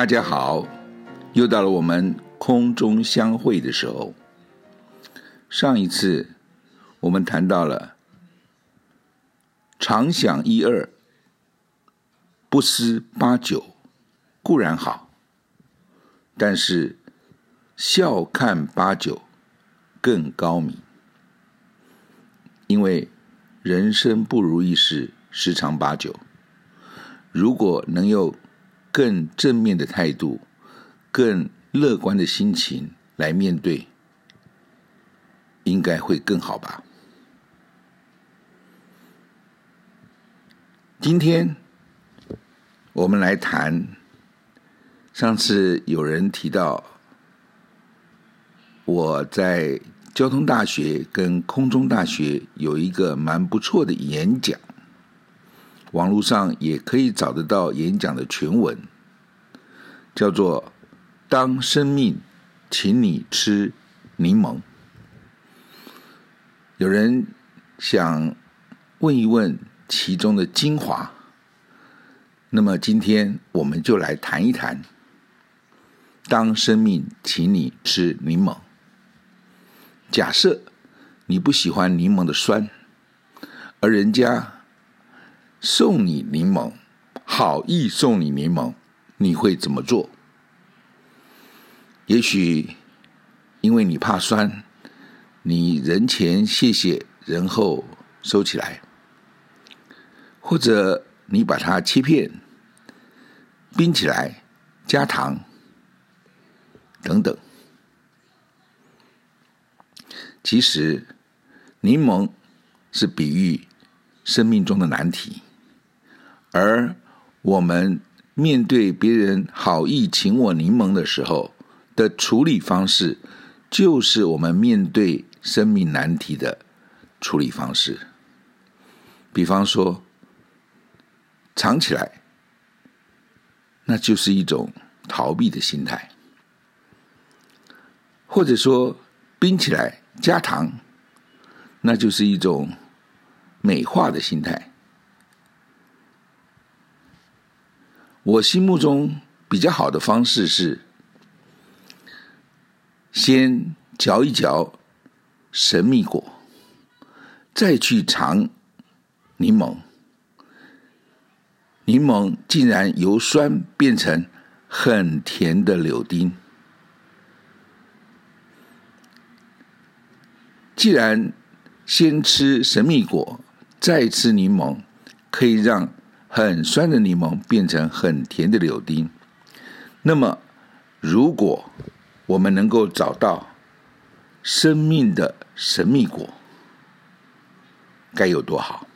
大家好，又到了我們空中相會的時候。上一次我們談到了常想一二，不思八九，固然好，但是笑看八九，更高明。因為人生不如意事十常八九，如果能有，更正面的態度，更樂觀的心情來面對，應該會更好吧。今天我們來談，上次有人提到我在交通大學跟空中大學有一個蠻不錯的演講。網絡上也可以找得到演講的全文，叫做“當生命請你吃檸檬”。有人想問一問其中的精華，那麼今天我們就來談一談“當生命請你吃檸檬”。假設你不喜歡檸檬的酸，而人家……送你檸檬，好意送你檸檬，你會怎麼做？也許因為你怕酸，你人前謝謝，人後收起來，或者你把它切片，冰起來，加糖，等等。其實，檸檬是比喻生命中的難題。而我們面對別人好意請我檸檬的時候的處理方式，就是我們面對生命難題的處理方式。比方說，藏起來，那就是一種逃避的心態；或者說，冰起來加糖，那就是一種美化的心態。我心目中比較好的方式是，先嚼一嚼神秘果，再去嚐檸檬。檸檬竟然由酸變成很甜的柳丁。既然先吃神秘果，再吃檸檬，可以讓很酸的檸檬變成很甜的柳丁，那麼如果我們能夠找到生命的神秘果，該有多好！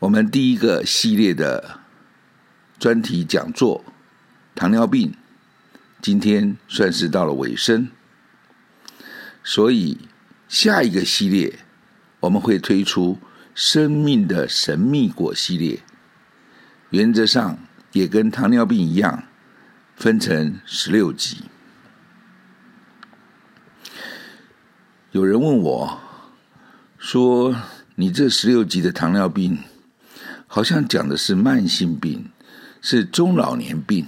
我們第一個系列的專題講座——糖尿病，今天算是到了尾聲，所以。下一個系列我們會推出《生命的神祕果》系列，原則上也跟糖尿病一樣，分成十六集。有人問我，說你這十六集的糖尿病好像講的是慢性病，是中老年病。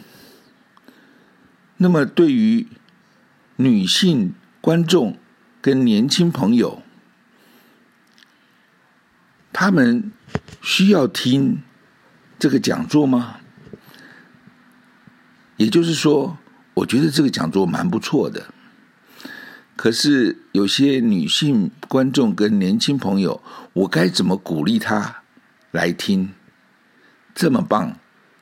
那麼對於女性觀眾，跟年輕朋友，他們需要聽這個講座嗎？也就是說，我覺得這個講座蠻不錯的。可是有些女性觀眾跟年輕朋友，我該怎麼鼓勵他來聽這麼棒、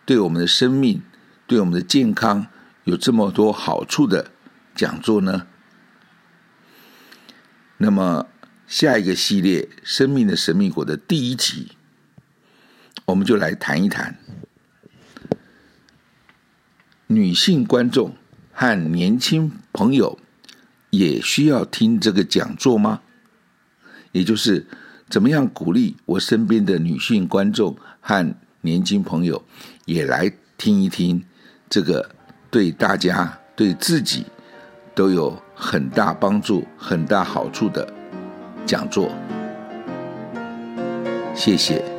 對我們的生命、對我們的健康有這麼多好處的講座呢？那麼，下一個系列《生命的神秘果》的第一集，我們就來談一談：女性觀眾和年輕朋友也需要聽這個講座嗎？也就是，怎麼樣鼓勵我身邊的女性觀眾和年輕朋友也來聽一聽這個，對大家對自己。都有很大幫助、很大好處的講座，謝謝。